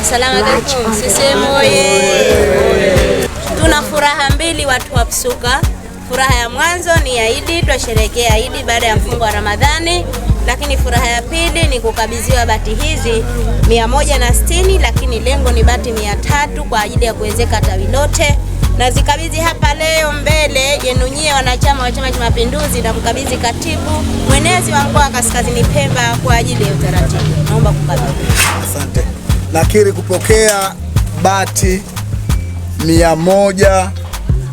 Asalamu alaykum. Sisi moye. Tuna furaha mbili watu wa Psuka. Furaha ya mwanzo ni ya Idi, twasherehekea Idi baada ya mfungo wa Ramadhani, lakini furaha ya pili ni kukabidhiwa bati hizi mia moja na sitini, lakini lengo ni bati mia tatu kwa ajili ya kuwezeka tawi lote na zikabidhi hapa leo mbele yenu nyie wanachama wa Chama cha Mapinduzi, na mkabidhi katibu mwenezi wa mkoa wa Kaskazini Pemba kwa ajili ya utaratibu. Nakiri kupokea bati mia moja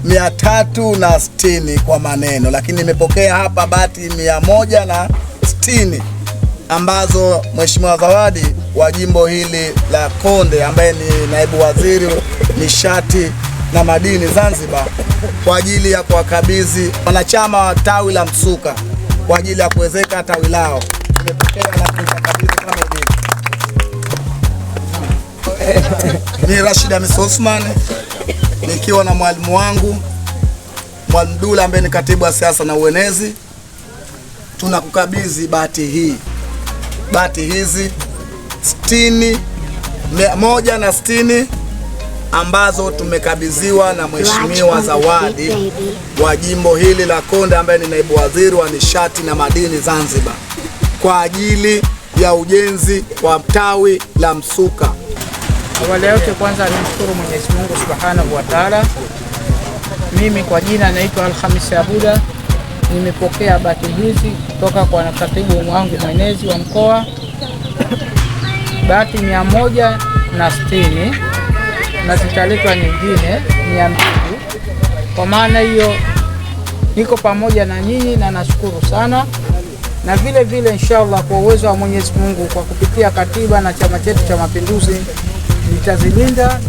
mia tatu na sitini kwa maneno, lakini nimepokea hapa bati mia moja na sitini ambazo Mheshimiwa Zawadi wa jimbo hili la Konde ambaye ni naibu waziri nishati na madini Zanzibar kwa ajili ya kuwakabidhi wanachama wa tawi la Msuka kwa ajili ya kuwezeka tawi lao. Tumepokea na kuwakabidhi ni Rashid Hamis Osman nikiwa na mwalimu wangu Mwalimu Dula ambaye ni katibu wa siasa na uenezi. Tunakukabidhi bahati hii, bahati hizi sitini, mia moja na sitini ambazo tumekabidhiwa na Mheshimiwa Zawadi wa jimbo hili la Konde ambaye ni naibu waziri wa nishati na madini Zanzibar kwa ajili ya ujenzi wa tawi la Msuka. Awali yote kwanza nimshukuru Mwenyezi Mungu Subhanahu wa Ta'ala. Mimi kwa jina naitwa Alhamisi Abuda, nimepokea bati hizi kutoka kwa katibu wangu mwenezi wa mkoa, bati mia moja na sitini na zitaletwa nyingine mia mbili. Kwa maana hiyo niko pamoja na nyinyi na nashukuru sana na vile vile, inshallah kwa uwezo wa Mwenyezi Mungu, kwa kupitia katiba na chama chetu cha Mapinduzi nitazilinda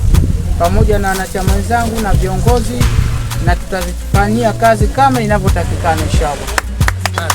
pamoja na wanachama wenzangu na viongozi, na tutazifanyia kazi kama inavyotakikana inshallah.